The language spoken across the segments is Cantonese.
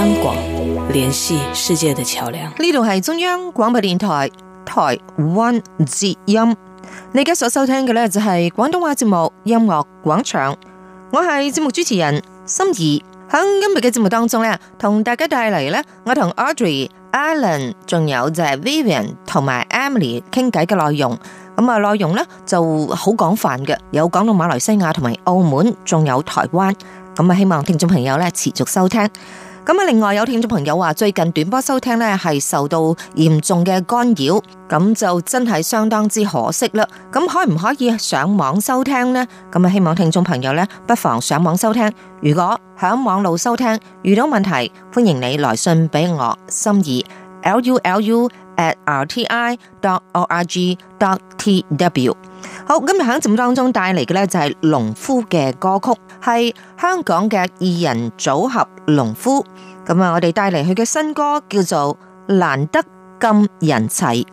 香港聯繫世界的橋樑，呢度係中央廣播電台台灣節音，你而家所收聽嘅呢，就係廣東話節目《音樂廣場》，我係節目主持人心儀。喺今日嘅節目當中呢，同大家帶嚟呢，我同 Audrey、Allen 仲有就係 Vivian 同埋 Emily 傾偈嘅內容。咁啊，內容呢，就好廣泛嘅，有講到馬來西亞同埋澳門，仲有台灣。咁啊，希望聽眾朋友咧持續收聽。另外有聽眾朋友話，最近短波收聽咧係受到嚴重嘅干擾，咁就真係相當之可惜啦。咁可唔可以上網收聽呢？咁希望聽眾朋友不妨上網收聽。如果響網路收聽遇到問題，歡迎你來信俾我，心怡 lulu at rti dot org dot tw 好，今日喺節目當中帶嚟嘅咧就係農夫嘅歌曲，係香港嘅二人組合農夫。咁啊，我哋帶嚟佢嘅新歌叫做《難得咁人齊》。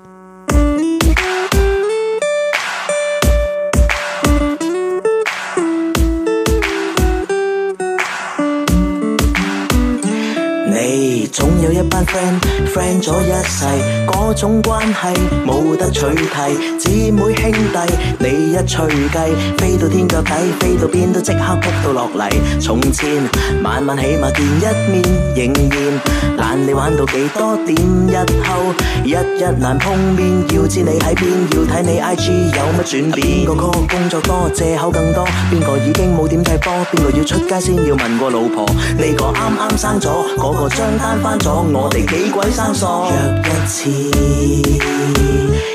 總有一班 friend，friend 咗 friend 一世，嗰種關係冇得取替。姊妹兄弟，你一吹雞，飛到天腳底，飛到邊都即刻撲到落嚟。從前晚晚起碼見一面，仍然懶你玩到幾多點？日後日日難碰面，要知你喺邊，要睇你 IG 有乜轉變。啊、邊個 call，工作多借口更多？邊個已經冇點睇波？邊個要出街先要問個老婆？你個啱啱生咗，嗰、那個張單。關咗我哋幾鬼生疏，若一次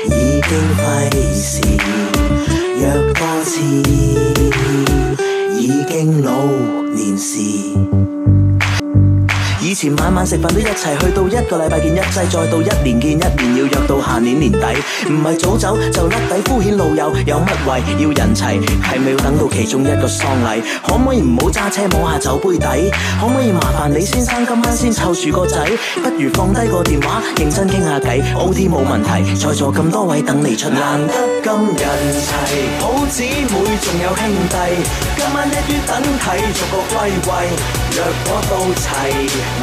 已經費事，若多次已經老年時。以前晚晚食飯都一齊，去到一個禮拜見一次，再到一年見一年，要約到下年年底。唔係早走就甩底敷衍老友，有乜位要人齊？係咪要等到其中一個喪禮？可唔可以唔好揸車摸下酒杯底？可唔可以麻煩李先生今晚先湊住個仔？不如放低個電話認真傾下偈。OT 冇問題，在座咁多位等你出。難得咁人齊，好姊妹仲有兄弟，今晚一於等睇，逐個歸位。若果到齊。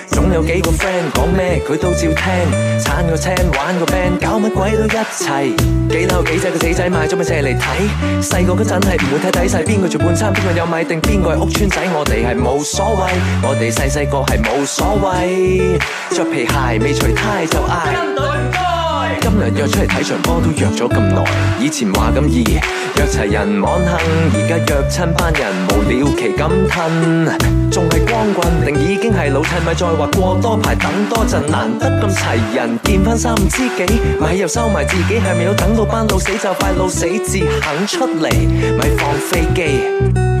有幾個 friend 講咩，佢都照聽。撐個 team，玩個 band，搞乜鬼都一齊。幾樓有幾隻個死仔買咗咩車嚟睇？細個嗰陣係唔會睇底細，邊個住半山，邊個有米定，邊個係屋邨仔，我哋係冇所謂。我哋細細個係冇所謂，著皮鞋未除胎就嗌。今日約出嚟睇場波都約咗咁耐，以前話咁易約齊人網興，而家約親班人無了期咁吞。仲係光棍定已經係老襯？咪再話過多排等多陣，難得咁齊人見翻三五知己，咪又收埋自己，係咪要等到班老死就快老死至肯出嚟咪放飛機？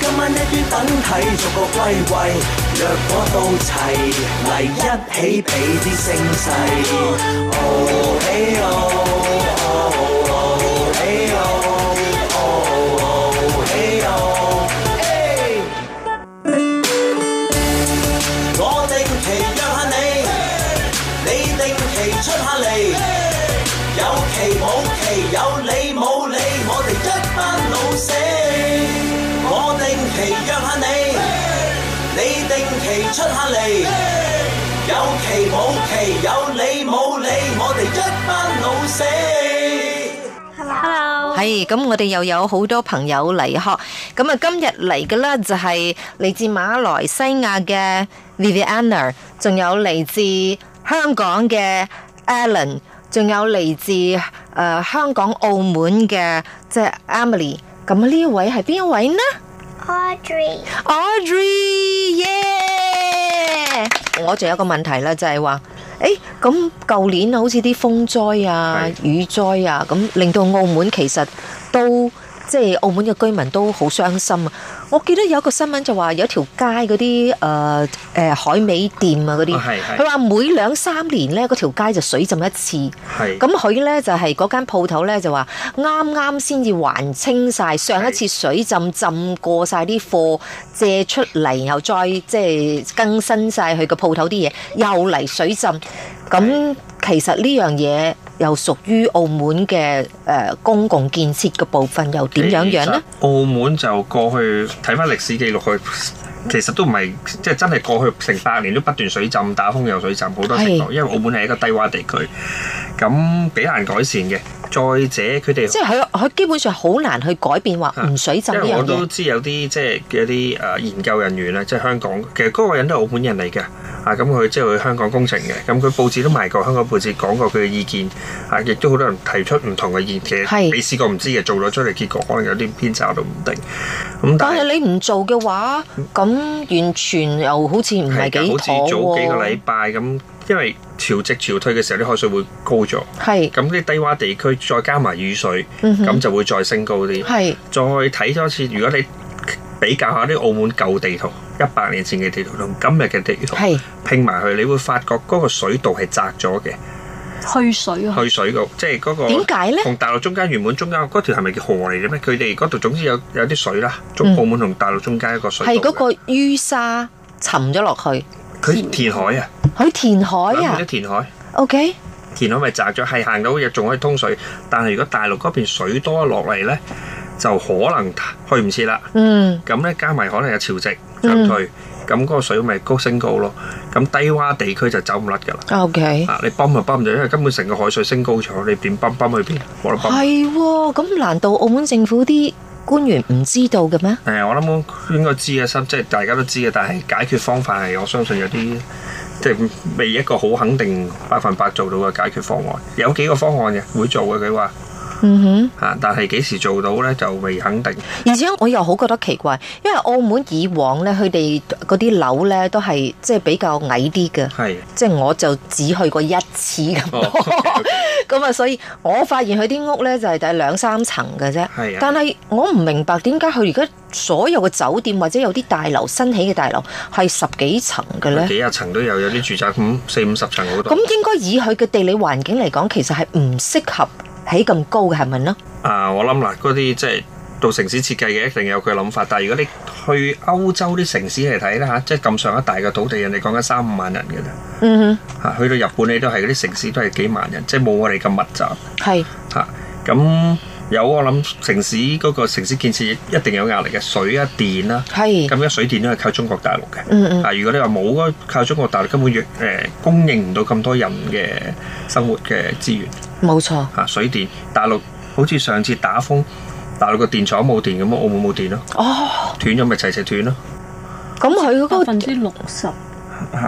今晚一於等睇，逐個歸位，若果到齊嚟 一起俾啲聲勢。Oh hey yo。出下嚟，有期冇期，有你冇你，我哋一班老死。Hello，Hello，係咁，我哋又有好多朋友嚟呵。咁啊，今日嚟嘅咧就係嚟自馬來西亞嘅 Vivianna，仲有嚟自香港嘅 Alan，仲有嚟自誒香港澳門嘅即係 Emily。咁啊，呢一位係邊一位呢？Audrey, Audrey, 耶！Audrey, yeah! 我仲有一個問題啦，就係話，誒咁舊年好似啲風災啊、雨災啊，咁令到澳門其實都。即係澳門嘅居民都好傷心啊！我記得有一個新聞就話有條街，嗰啲誒誒海味店啊嗰啲，佢話、哦、每兩三年呢，嗰條街就水浸一次。係是，咁佢呢，就係嗰間鋪頭呢就話啱啱先至還清晒，上一次水浸浸過晒啲貨借，借出嚟，然後再即係更新晒佢個鋪頭啲嘢，又嚟水浸。咁其實呢樣嘢。是嗯又屬於澳門嘅誒、呃、公共建設嘅部分，又點樣樣呢？Okay，澳門就過去睇返歷史記錄去。 其實都唔係，即係真係過去成百年都不斷水浸，打風又水浸，好多地方。因為澳門係一個低窪地區，咁幾難改善嘅。再者，佢哋即係佢佢基本上好難去改變話唔水浸。因為我都知有啲即係嘅一啲誒研究人員咧，即係香港其實嗰個人都係澳門人嚟嘅。啊，咁佢即係去香港工程嘅，咁佢報紙都賣過，香港報紙講過佢嘅意見。啊，亦都好多人提出唔同嘅意見。係未試過唔知嘅，做咗出嚟結果可能有啲偏差都唔定。咁但係你唔做嘅話，咁。嗯、完全又好似唔係幾妥喎。係噶，好似早幾個禮拜咁，因為潮汐潮退嘅時候，啲海水會高咗。係是。咁啲低窪地區再加埋雨水，咁、嗯、哼就會再升高啲。係是。再睇多一次，如果你比較下啲澳門舊地圖，一百年前嘅地圖同今日嘅地圖是拼埋去，你會發覺嗰個水道係窄咗嘅。去水啊！去水個，即係嗰個點解咧？同大陸中間，原本中間嗰條係咪叫河嚟嘅咩？佢哋嗰度總之有有啲水啦，中澳門同大陸中間一個水係嗰個淤沙沉咗落去，佢填海啊！佢填海啊！填海，OK，填海咪窄咗，係行到嘅仲可以通水，但係如果大陸嗰邊水多落嚟咧，就可能去唔切啦。嗯，咁咧加埋可能有潮汐漲退。咁嗰個水咪高升高咯，咁低窪地區就走唔甩噶啦。啊，OK，你泵咪泵唔到，因為根本成個海水升高咗，你點泵泵去邊？冇得泵係喎，咁難道澳門政府啲官員唔知道嘅咩？誒，我諗應該知嘅，即係大家都知嘅，但係解決方法係我相信有啲即係未一個好肯定百分百做到嘅解決方案，有幾個方案嘅會做嘅佢話。嗯哼，mm hmm. 但係幾時做到呢就未肯定。而且我又好覺得奇怪，因為澳門以往呢，佢哋嗰啲樓呢都係即係比較矮啲嘅，係的，即係我就只去過一次咁，咁啊、oh, okay. 嗯，所以我發現佢啲屋呢，就係得兩三層嘅啫。的但係我唔明白點解佢而家所有嘅酒店或者有啲大樓新起嘅大樓係十幾層嘅呢？幾多層都有，有啲住宅咁四五十層嗰度。咁應該以佢嘅地理環境嚟講，其實係唔適合。起咁高嘅係咪咯？啊，我諗嗱，嗰啲即係到城市設計嘅一定有佢諗法。但係如果你去歐洲啲城市嚟睇啦吓，即係咁上一大嘅土地，人哋講緊三五萬人嘅啫。嗯哼，吓去到日本你都係嗰啲城市都係幾萬人，即係冇我哋咁密集。係吓咁有我諗城市嗰個城市建設一定有壓力嘅，水啊、電啦。係咁樣水電都係靠中國大陸嘅。嗯嗯。吓，如果你話冇嗰，靠中國大陸根本越誒供應唔到咁多人嘅生活嘅資源。冇錯，嚇水電大陸，好似上次打風，大陸個電廠冇電，咁澳門冇電咯，哦，斷咗咪齊齊斷咯。咁佢嗰個百分之六十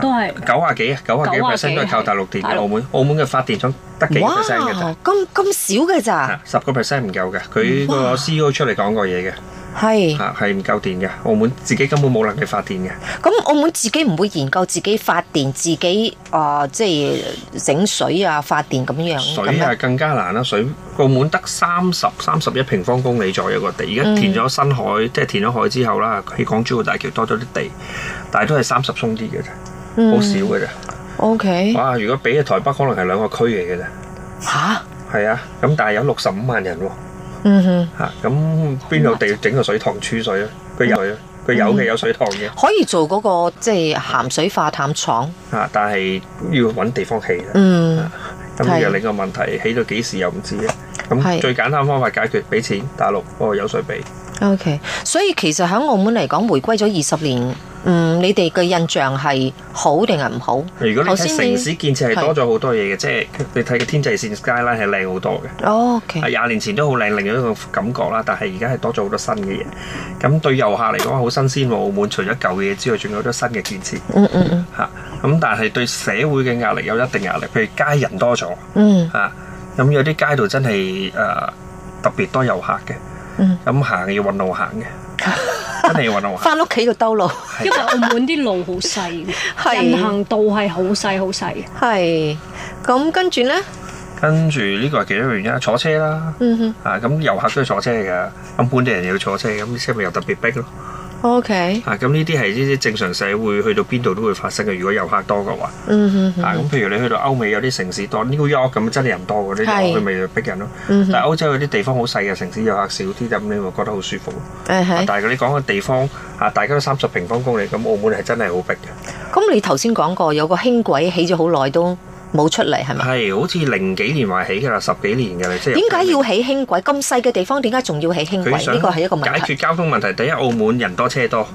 都係九十幾啊，九十幾 percent 都，都係靠大陸電，澳門是澳門嘅發電廠得幾 percent 嘅度？咁咁哇已少嘅咋？十個 percent 唔夠嘅，佢個 CEO 出嚟講過嘢嘅。係啊，係唔夠電嘅。澳門自己根本冇能力發電嘅。咁澳門自己唔會研究自己發電，自己啊、呃，即係整水啊，發電咁樣。水係、啊、更加難啦、啊。水澳門得三十、三十一平方公里左右個地，而家填咗新海，嗯、即係填咗海之後啦，起港珠澳大橋多咗啲地，但係都係三十鬆啲嘅啫，好、嗯、少嘅啫。OK。哇！如果比喺台北，可能係兩個區嚟嘅啫。吓？係啊，咁、啊、但係有六十五萬人喎、啊。嗯哼吓，咁邊度地整個水塘儲水咧？佢有咧，佢、嗯、哼有嘅有水塘嘅，可以做嗰、那個即係鹹水化淡廠。吓、啊，但係要搵地方起。嗯，咁又另一個問題，起到幾時又唔知咧。咁最簡單方法解決，俾錢大陸嗰個有水俾。OK，所以其實喺澳門嚟講，回歸咗二十年。嗯，你哋嘅印象係好定係唔好？如果你睇城市建設係多咗好多嘢嘅，即係你睇個天際線街啦係靚好多嘅。哦，係廿年前都好靚，另一個感覺啦。但係而家係多咗好多新嘅嘢，咁對遊客嚟講好新鮮。澳門除咗舊嘅嘢之外，仲有好多新嘅建設。嗯嗯嗯，吓咁，但係對社會嘅壓力有一定壓力。譬如街人多咗，嗯啊，咁有啲街道真係誒特別多遊客嘅，咁行要揾路行嘅。翻屋企個兜路，因為澳門啲路好細，人行道係好細好細。係，咁跟住咧，跟住呢個係其中一個原因啊？坐車啦，嗯哼，啊咁遊客都要坐車噶，咁本地人又要坐車，咁車咪又特別逼咯。OK，啊咁呢啲係呢啲正常社會去到邊度都會發生嘅。如果遊客多嘅話，嗯哼嗯啊咁譬如你去到歐美有啲城市多紐約咁真係人多嘅啲地方，佢咪逼人咯。但係歐洲有啲地方好細嘅城市，遊客少啲咁，你會覺得好舒服。但係你講嘅地方啊，大家都三十平方公里，咁澳門係真係好逼嘅。咁你頭先講過有個輕軌起咗好耐都。冇出嚟係咪？係，好似零幾年話起㗎啦，十幾年㗎啦，即係點解要起輕軌？咁細嘅地方點解仲要起輕軌？呢個係一個問題。解決交通問題，第一，澳門人多車多。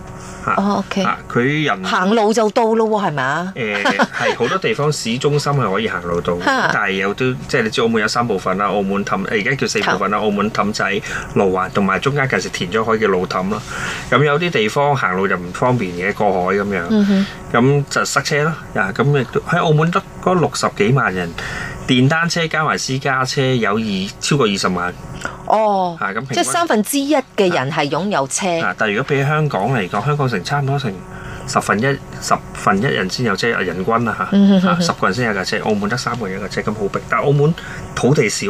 哦、oh，OK，佢、啊、人行路就到咯喎，係咪？誒、 呃，係好多地方市中心係可以行路到， 但係有啲即係你知澳門有三部分啦，澳門氹而家叫四部分啦，好澳門氹仔、路環同埋中間其實填咗海嘅路氹啦。咁有啲地方行路就唔方便嘅過海咁樣，咁、嗯、哼就塞車咯。啊，咁亦都喺澳門得嗰六十幾萬人。電單車加埋私家車有二超過二十萬哦，係咁、啊，即係三分之一嘅人係擁有車。啊、但係如果比起香港嚟講，香港成差唔多成十分一，十分一人先有車人均啊吓、嗯啊，十個人先有架車，澳門得三個人一架車咁好逼。但係澳門土地少，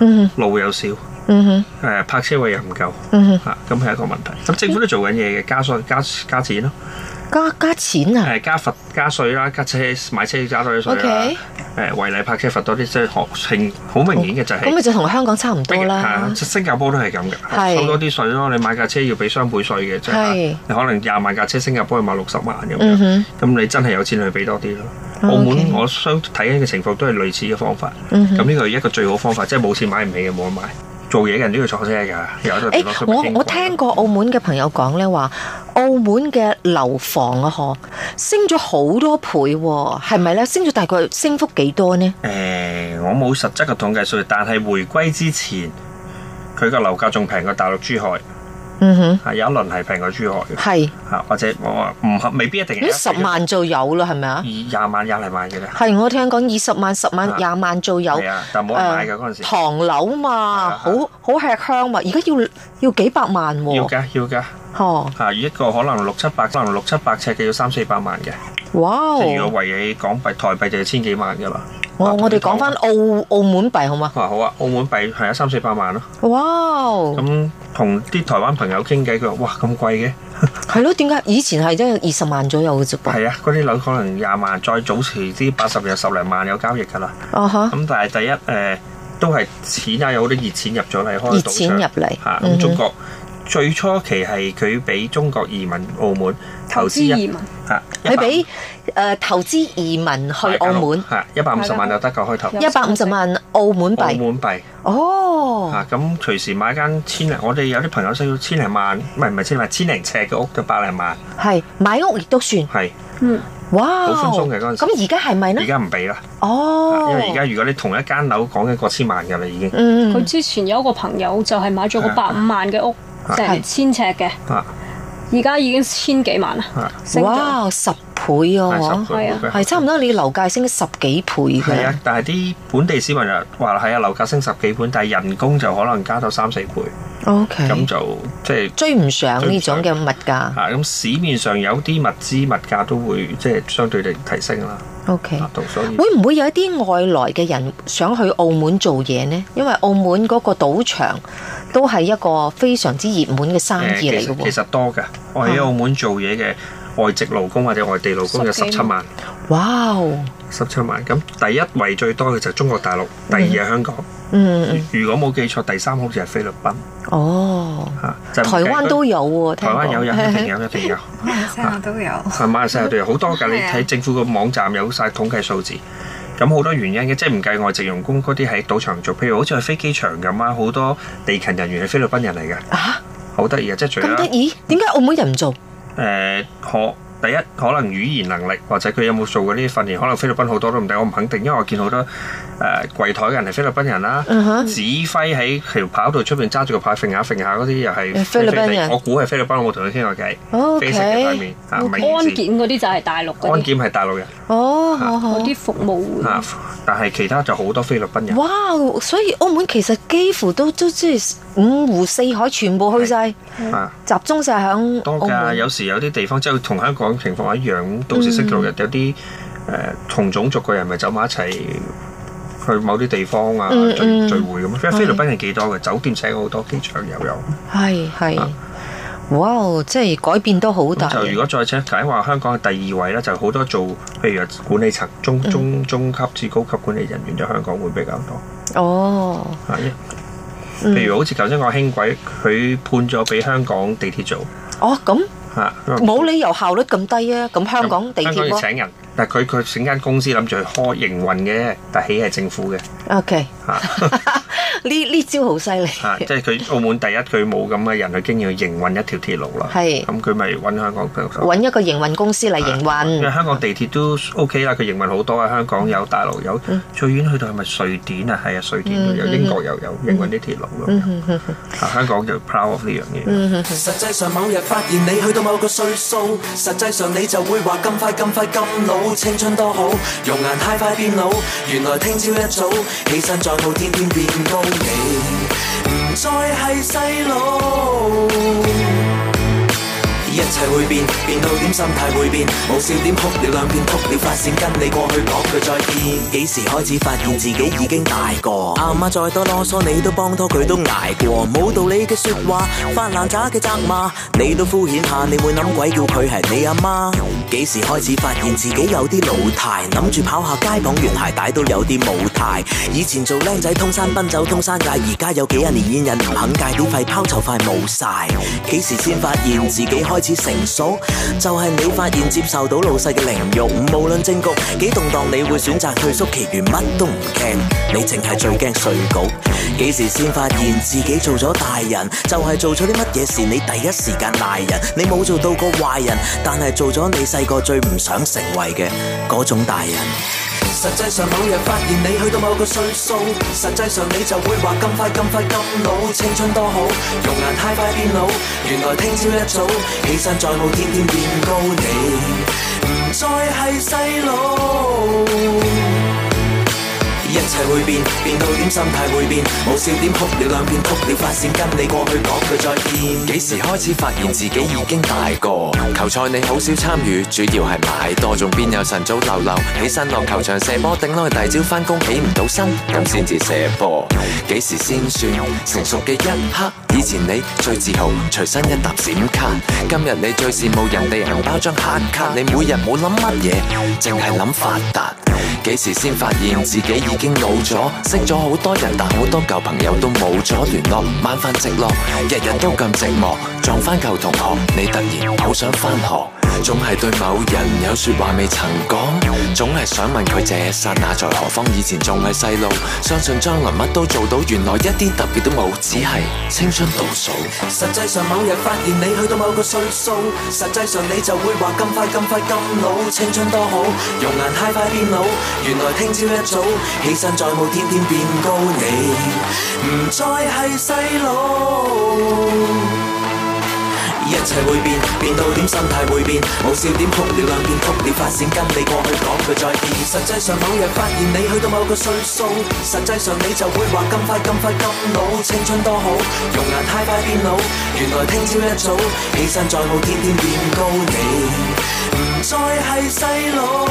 嗯、哼路又少，誒、嗯哼啊、泊車位又唔夠，吓咁係一個問題。咁政府都做緊嘢嘅，加稅加加錢咯。加加錢啊！係加罰加稅啦，加車買車要加多啲稅啦。誒，違例泊車罰多啲稅，好明好明顯嘅就係咁咪就同香港差唔多啦。新加坡都係咁嘅，收多啲稅咯。你買架車要俾雙倍稅嘅，即係你可能廿萬架車，新加坡要買六十萬咁樣。咁你真係有錢去俾多啲咯。澳門我相睇呢個情況都係類似嘅方法。咁呢個係一個最好方法，即係冇錢買唔起嘅冇得買。做嘢嘅人都要坐車㗎，有啲我我聽過澳門嘅朋友講咧話。澳門嘅樓房啊，嗬、啊，升咗好多倍，係咪咧？升咗大概升幅幾多呢？誒、欸，我冇實質嘅統計數據，但係回歸之前，佢個樓價仲平過大陸珠海，嗯哼，係有一輪係平過珠海嘅，係吓或者我唔係未必一定。十萬就有啦，係咪啊？二廿萬、廿嚟萬嘅啦。係我聽講，二十萬、十萬、廿萬就有。係啊，但冇人買嘅嗰陣時。唐樓嘛，好好吃香嘛，而家要要幾百萬喎。要噶要噶，吓與一個可能六七百、可能六七百尺嘅要三四百萬嘅。哇！即係如果為起港幣、台幣就千幾萬噶啦。哇、oh！我哋講翻澳澳，澳門幣好嗎好？好啊！澳門幣係啊三四百萬咯 Wow.。哇！咁同啲台灣朋友傾偈，佢話哇咁貴嘅。係咯？點解以前係啫？二十萬左右嘅啫。係啊， 嗰啲樓可能廿萬，再早前啲八十又十零萬有交易噶啦。哦咁、uh huh. 但係第一誒、呃，都係錢啊，有啲熱錢入咗嚟開賭場。熱錢入嚟嚇，咁仲有。嗯嗯最初期係佢俾中國移民澳門投資移民嚇，佢俾誒投資移民去澳門嚇，一百五十萬就得嘅開頭，一百五十萬澳門幣，澳門幣哦嚇。咁隨時買間千零，我哋有啲朋友需要千零萬，唔係唔係千萬，千零尺嘅屋就百零萬，係買屋亦都算係嗯，哇，好寬鬆嘅嗰陣時。咁而家係咪呢？而家唔俾啦，哦，因為而家如果你同一間樓講緊過千萬㗎啦，已經。嗯，佢之前有一個朋友就係買咗個百五萬嘅屋。成千尺嘅，而家已經千幾萬啦，啊，升咗，哇，十倍啊！我係啊，係差唔多你樓價升咗十幾倍，係啊，但係啲本地市民又話係啊，樓價升十幾倍，但係人工就可能加咗三四倍，OK，咁就即係、就係、追唔上呢種嘅物價。啊，咁市面上有啲物資物價都會即係、就係、相對地提升啦。OK，所以會唔會有一啲外來嘅人想去澳門做嘢呢？因為澳門嗰個賭場。都係一個非常之熱門嘅生意嚟喎，哦。其實多㗎，我喺澳門做嘢嘅外籍勞工或者外地勞工有十七萬。哇！十、wow、七萬咁，第一位最多嘅就係中國大陸，第二係香港。嗯，嗯如果冇記錯，第三好似係菲律賓。哦。嚇、啊！就係、台灣都有喎，啊，台灣有人一定有，的一定有。啊， 都有。係馬來西亞都有好多㗎， 你睇政府個網站有晒統計數字。咁好多原因嘅，即係唔計外籍員工嗰啲喺賭場做，譬如好似喺飛機場咁啊，好多地勤人員係菲律賓人嚟嘅。啊，好得意啊！即係最得意，點解澳門人唔做？呃第一，可能語言能力，或者佢有冇做過啲訓練，可能菲律賓好多都唔定，我唔肯定，因為我見好多誒、呃、櫃枱嘅人係菲律賓人啦，指揮喺條跑道出面揸住個牌揈下揈下嗰啲又係菲律賓人，我估係菲律賓，我冇同佢傾過偈。O、oh, K okay.。安檢嗰啲就係大陸嗰啲，安檢係大陸人。哦、oh, 啊，啲服務。啊但係其他就好多菲律賓人。哇！Wow, 所以澳門其實幾乎都都即係五湖四海全部去晒，嗯、集中晒響。多㗎，有時有啲地方即係同香港情況一樣，到時星期六日有啲誒、呃、同種族嘅人咪走埋一齊去某啲地方啊，聚、嗯嗯、聚會咁。菲律賓人幾多嘅？是酒店請好多，機場又有。係係。哇！即係改變都好大。就如果再請解話，香港嘅第二位咧，就好多做譬如啊管理層中中中級至高級管理人員，就香港會比較多。哦，嚇！譬如好似頭先個輕軌，佢判咗俾香港地鐵做。哦，咁嚇冇理由效率咁低啊！咁香港地鐵香港要請人，但係佢佢整間公司諗住去開營運嘅，但係起係政府嘅。O K。呢呢招好犀利，即係佢澳門第一佢冇咁嘅人去經驗去營運一條鐵路咯。係，咁佢咪揾香港？揾一個營運公司嚟營運。因為香港地鐵都 OK 啦，佢營運好多啊。香港有，大陸有，最遠去到係咪瑞典啊？係啊，瑞典都有英國又有營運啲鐵路咯。啊，香港就 proud of 呢樣嘢。實際上某日發現你去到某個歲數，實際上你就會話咁快咁快咁老，青春多好，容顏太快變老。原來聽朝一早起身再步，天天變高。你唔再係細路。一切會變，變到點心態會變。冇笑點哭了兩遍，兩哭了發線，跟你過去講句再見。幾時開始發現自己已經大個？阿媽再多囉嗦，你都幫拖佢都捱過。冇道理嘅説話，發爛渣嘅責罵，你都敷衍下。你會諗鬼叫佢係你阿媽？幾時開始發現自己有啲老態？諗住跑下街綁完鞋帶都有啲冇態。以前做靚仔通山奔走通山界，而家有幾廿年煙癮，唔肯戒啲肺泡就快冇晒。幾時先發現自己開？成熟，就係、是、你發現接受到老細嘅凌辱。無論政局幾動盪，你會選擇退縮。其餘乜都唔驚，你淨係最驚稅局。幾時先發現自己做咗大人？就係、是、做咗啲乜嘢事，你第一時間賴人。你冇做到個壞人，但係做咗你細個最唔想成為嘅嗰種大人。實際上某日發現你去到某個歲數，實際上你就會話咁快咁快咁老，青春多好，容顏太快變老。原來聽朝一早起身再無天天變高，你唔再係細佬，會變，變到點心態會變，冇笑點哭了兩遍，哭了發現跟你過去講句再見。幾時開始發現自己已經大個？球賽你好少參與，主要係買多，仲邊有晨早流流起身落球場射波，頂耐，大朝翻工起唔到身，咁先至射波。幾時先算成熟嘅一刻？以前你最自豪隨身一沓閃卡，今日你最羨慕人哋銀包張黑卡。你每日冇諗乜嘢，淨係諗發達。幾時先發現自己已經老咗？識咗好多人，但好多舊朋友都冇咗聯絡。晚飯直落，日日都咁寂寞。撞翻舊同學，你突然好想翻學。總係對某人有説話未曾講，總係想問佢這刹那、啊、在何方。以前仲係細路，相信將來乜都做到，原來一啲特別都冇，只係青春倒數。實際上某日發現你去到某個歲數，實際上你就會話咁快咁快咁老。青春多好，容顏太快變老。原來聽朝一早起身再冇天天變高，你唔再係細路，一切會變，變到點心態會變，無笑點哭了兩遍，哭了發線，跟你過去講句再見。實際上某日發現你去到某個歲數，實際上你就會話咁快咁快咁老，青春多好，容顏太快變老。原來聽朝一早起身再無天天變高，你唔再係細佬。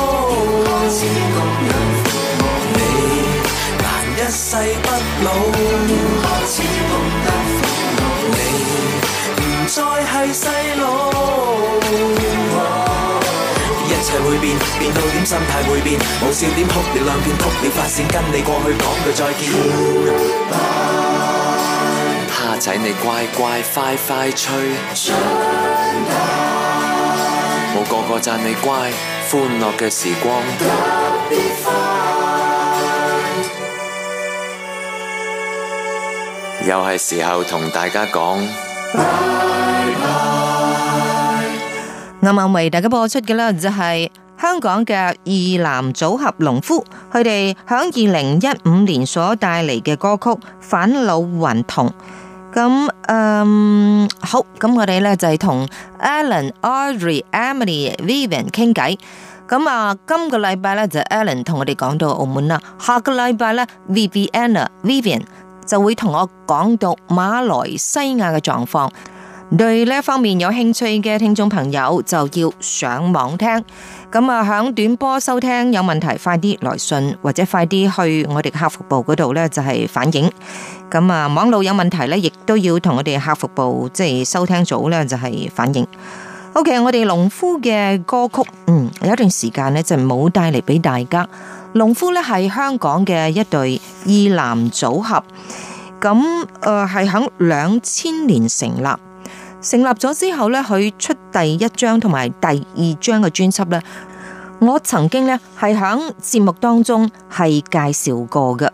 你，難一世不老。再係細路，一切會變，變到點心態會變，冇笑點哭了兩片，哭了發線，跟你過去講句再見吧。蝦仔拜你乖，乖乖快快吹，冇 facing 個個讚你乖，歡樂嘅時光 Andrea, 又係時候同大家講。啱啱為大家播出嘅咧，就係香港嘅二男組合農夫，佢哋喺二零一五年所帶嚟嘅歌曲《返老還童》。咁，嗯，好，咁我哋咧，就係同 Alan、Audrey、Emily、Vivian 傾偈。咁啊，今個禮拜咧，就係 Alan 同我哋講到澳門啦。下個禮拜咧，Vivian 啊，Vivian。就會同我講到馬來西亞嘅狀況，對呢一方面有興趣嘅聽眾朋友就要上網聽。咁啊響短波收聽有問題，快啲來信或者快啲去我哋客服部嗰度呢就係反映，咁啊網路有問題呢，亦都要同我哋客服部即係、就是、收聽組呢，就係反映。OK，我哋農夫嘅歌曲，嗯，有一段時間呢，就冇帶嚟俾大家。農夫咧，係香港嘅一對二男組合，咁誒係喺兩千年成立，成立咗之後咧，佢出第一張同埋第二張嘅專輯咧，我曾經咧係喺節目當中係介紹過嘅，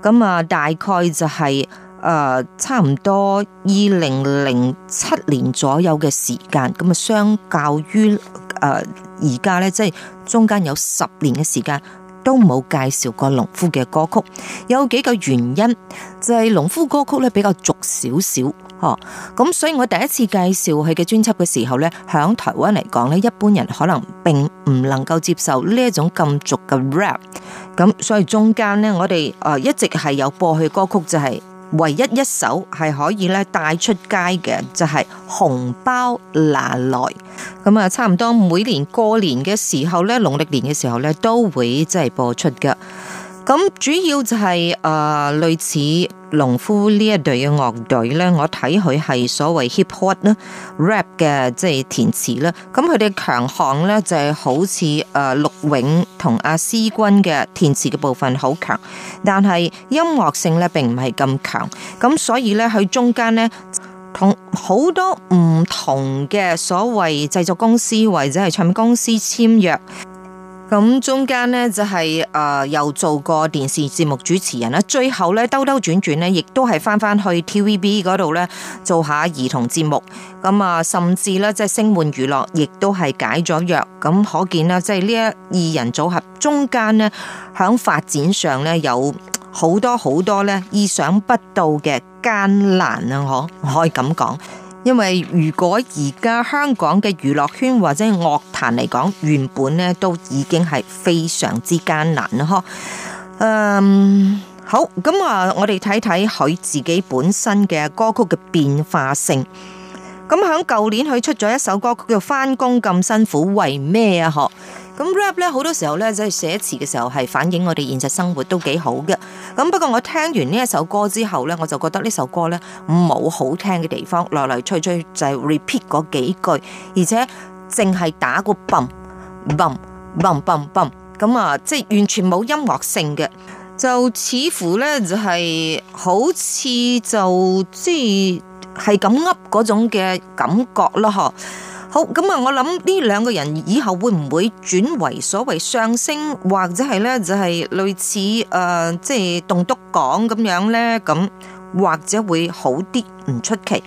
咁啊大概就係、是、誒、呃、差唔多二零零七年左右嘅時間，咁啊相較於誒而家咧，即、呃、係、就是、中間有十年嘅時間。都冇介紹過農夫嘅歌曲，有幾個原因，就係、是、農夫歌曲咧比較俗少少，嗬，咁所以我第一次介紹佢嘅專輯嘅時候咧，響台灣嚟講咧，一般人可能並唔能夠接受呢一種咁俗嘅 rap，咁所以中間咧，我哋誒一直係有播佢歌曲就係、是。唯一一首係可以咧帶出街嘅，就係、是、紅包拿來。咁啊，差唔多每年過年嘅時候咧，農曆年嘅時候咧，都會即係播出嘅。咁主要就係、是、誒、呃、類似。農夫呢一隊嘅樂隊呢，我睇佢係所謂 hip hop 咧，rap 嘅即係填詞咧，咁佢哋強項呢，就係好似誒陸永同阿詩君嘅填詞嘅部分好強，但係音樂性呢並唔係咁強，咁所以呢，佢中間呢，同好多唔同嘅所謂製作公司或者係唱片公司簽約。咁中間呢，就係、是、誒、呃，又做過電視節目主持人啦，最後咧兜兜轉轉咧，亦都係翻翻去 TVB 嗰度咧做下兒童節目，咁、嗯、啊，甚至咧即係星煥娛樂，亦都係解咗約，咁可見啦，即係呢一二人組合中間咧響發展上咧有好多好多咧意想不到嘅艱難啊！可可以咁講。因為如果而家香港嘅娛樂圈或者係樂壇嚟講，原本咧都已經係非常之艱難咯，嗬。嗯，好，咁啊，我哋睇睇佢自己本身嘅歌曲嘅變化性。咁響舊年，佢出咗一首歌曲叫《返工咁辛苦為咩啊》？嗬。咁 rap 咧，好多時候咧，就係寫詞嘅時候，係反映我哋現實生活都幾好嘅。咁不過我聽完呢一首歌之後咧，我就覺得呢首歌咧，冇好聽嘅地方，來來去去就係 repeat 嗰幾句，而且淨係打個 boom boom boom boom boom，咁啊，即係完全冇音樂性嘅，就似乎咧就係、是、好似就即係咁噏嗰種嘅感覺咯，嗬。好，咁啊！我諗呢兩個人以後會唔會轉為所謂上升，或者係呢就係、是、類似誒，即、呃、係、就是、棟篤講，咁樣呢？咁或者會好啲唔出奇。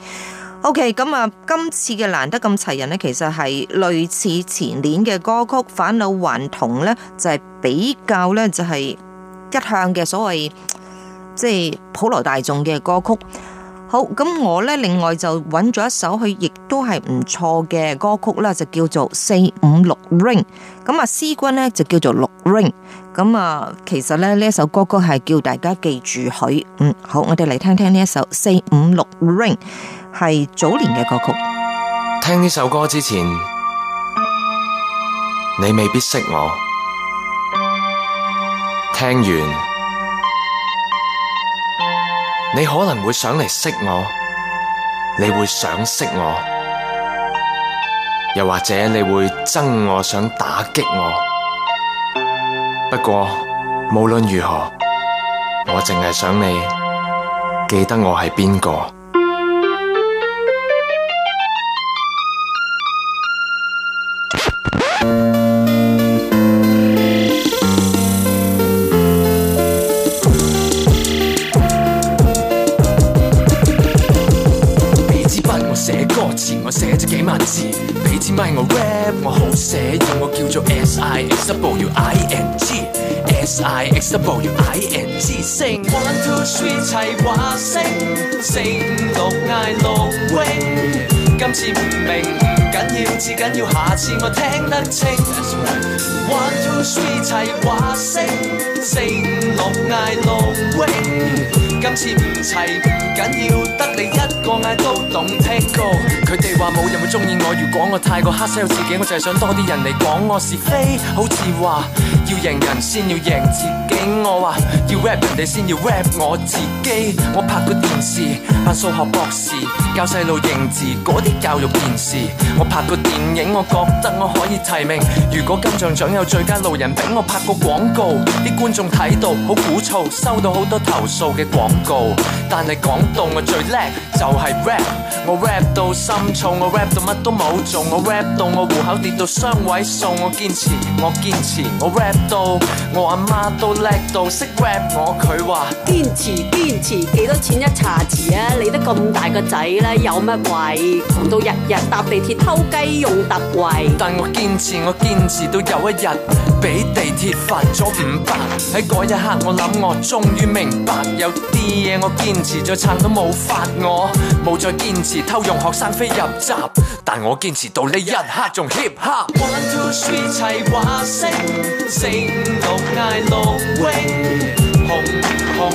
O K，咁啊，今次嘅難得咁齊人呢，其實係類似前年嘅歌曲《返老還童》呢，就係、是、比較呢，就係一向嘅所謂即係普羅大眾嘅歌曲。好，咁我咧另外就揾咗一首佢，亦都係唔錯嘅歌曲啦，就叫做四五六 Ring。咁啊，C 君咧就叫做六 Ring。咁啊，其實咧呢一首歌曲係叫大家記住佢。嗯，好，我哋嚟聽聽呢一首四五六 Ring，係早年嘅歌曲。聽呢首歌之前，你未必識我。聽完。你可能會想嚟識我，你會想識我，又或者你會憎我想打擊我。不過，無論如何，我淨係想你記得我係邊個。W I N 星，One Two Three 齊話聲，聲五六嗌六 Wing，今次唔明唔緊要，至緊要下次我聽得清。One Two Three 齊話聲，聲五六嗌六 Wing。今次唔齊唔緊要，得你一個嗌都動聽。佢哋話冇人會中意我，如果我太過黑 sell 自己，我就係想多啲人嚟講我是非。好似話要贏人先要贏自己，我話要 rap 人哋先要 rap 我自己。我拍過電視，扮數學博士，教細路認字嗰啲教育電視。我拍過電影，我覺得我可以提名。如果金像獎有最佳路人，俾我拍過廣告，啲觀眾睇到好鼓噪，收到好多投訴嘅廣告。告，但係講到我最叻，就係 rap。我 rap 到心燥，我 rap 到乜都冇做，我 rap 到我戶口跌到雙位數。我堅持，我堅持，我 rap 到我阿媽都叻到識 rap。我佢話堅持，堅持，幾多錢一茶匙啊？你得咁大個仔啦，有乜鬼？窮到日日搭地鐵偷雞用特惠。但我堅持，我堅持到有一日俾地鐵罰咗五百，喺嗰一刻我諗我終於明白，有啲。嘢我堅持，再撐都冇法，我，冇再堅持偷用學生飛入閘，但我堅持到呢一刻仲 hip hop One, two, three。One two three 齊話聲，四五六嗌六 wing，紅紅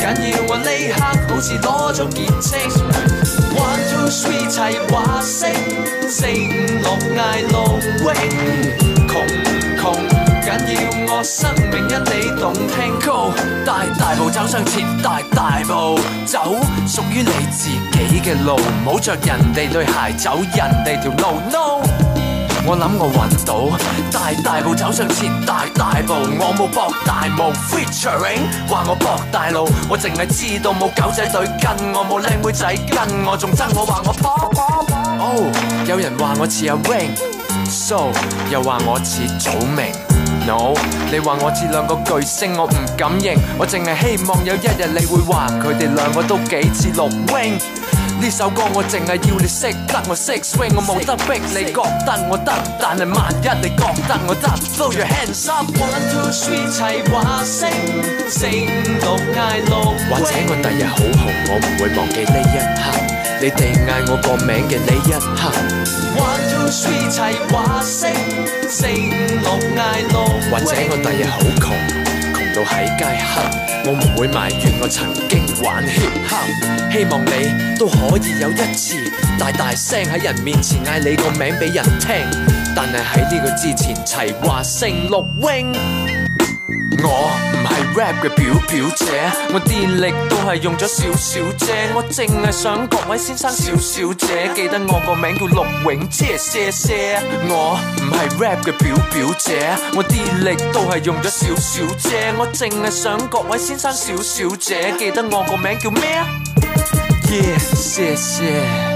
緊要喎，呢刻好似攞咗傑青。One two three 齊話聲，四五六嗌六 wing，窮窮緊要我生命因你動聽，Go 大大步走上前，大大步走屬於你自己嘅路，唔好著人哋對鞋走人哋條路，No 我諗我揾到，大大步走上前，大大步我冇博大霧，冇 Featuring 話我博大路，我淨係知道冇狗仔隊跟我，冇靚妹仔跟我，仲憎我話我博。Oh 有人話我似阿 Wing，So 又話我似祖明。No, 你話我似兩個巨星，我唔敢認。我淨係希望有一日你會話佢哋兩個都幾似六 wing。呢首歌我淨係要你識得我識 swing，我冇得逼你覺得我得，但係萬一你覺得我得，Raise your hands up one two three，齊話聲，成六嗌六 wing。或者我第日好紅，我唔會忘記呢一刻。你哋嗌我個名嘅呢一刻，2 1, 2, 3, 齊話聲，或者我第日好窮，窮到喺街黑。我唔會埋怨我曾經玩 hip hop 希望你都可以有一次大大聲喺人面前嗌你個名俾人聽，但係喺呢個之前，齊話聲陸 wing。我唔係 rap 嘅表表姐，我啲力都係用咗少少啫，我淨係想各位先生、少少姐，記得我個名叫陸永姐姐姐，謝謝。我唔係 rap 嘅表表姐，我啲力都係用咗少少啫，我淨係想各位先生、少少姐，記得我個名叫咩啊？Yes，謝謝。Yeah,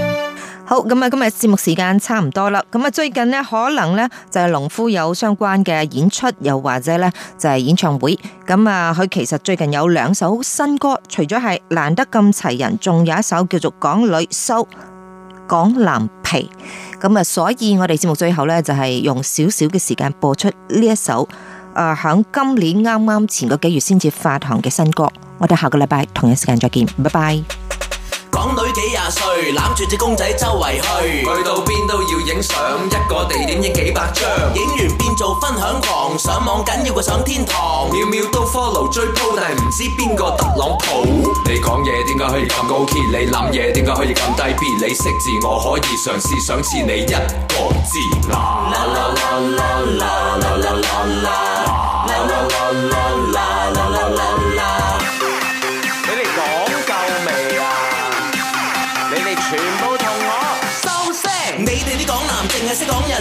姐姐好咁啊，今日節目時間差唔多啦。咁啊，最近呢，可能呢，就係農夫有相關嘅演出，又或者呢，就係演唱會。咁啊，佢其實最近有兩首新歌，除咗係難得咁人齊，仲有一首叫做《港女收、so, 港男皮》。咁啊，所以我哋節目最後呢，就係用少少嘅時間播出呢一首誒，響今年啱啱前個幾月先至發行嘅新歌。我哋下個禮拜同一時間再見，拜拜。港女幾廿歲，攬住隻公仔周圍去，去到邊都要影相，一個地點影幾百張，影完變做分享狂，上網緊要過上天堂，秒秒都 follow 追 po，但係唔知邊個特朗普。你講嘢點解可以咁高 key？你諗嘢點解可以咁低 b？你識字我可以嘗試想似你一個字。